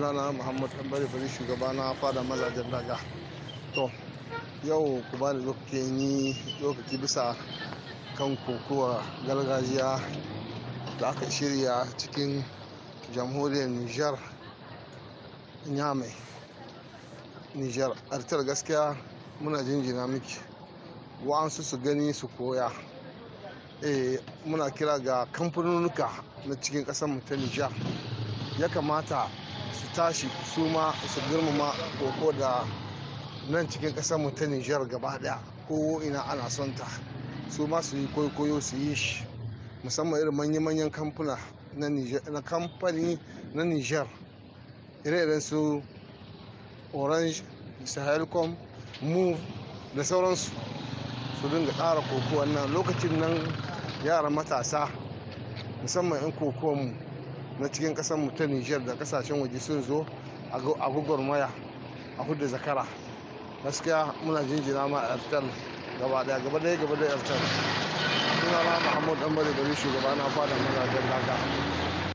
sunana muhammad tambari fari shugaba na fada mazajen daga to yau ku ba da lokacin yi lokaci bisa kan kokowa gargajiya da aka shirya cikin jamhuriyar nijar nyamai nijar artar gaskiya muna jinjina miki wa'ansu su gani su koya e, muna kira ga kamfanonuka na cikin ƙasar mu ta nijar ya kamata su tashi su ma su girmama koko da nan cikin ƙasar mu ta Nijar gaba ɗaya ko ina ana son ta su ma su yi koyo su yi shi musamman irin manya-manyan kamfuna na kamfani na Nijar ire-iren su Orange, Sahelcom, Move da sauransu su dinga ƙara koko wannan lokacin nan yara matasa musamman 'yan kokonmu na cikin kasar mu ta niger da kasashen waje sun zo a maya a hudu zakara gaskiya muna jinjina ma a airtel gaba daya gaba daya gaba daya airtel suna na muhammadu dan bari bari shugaba na fada mazajen daga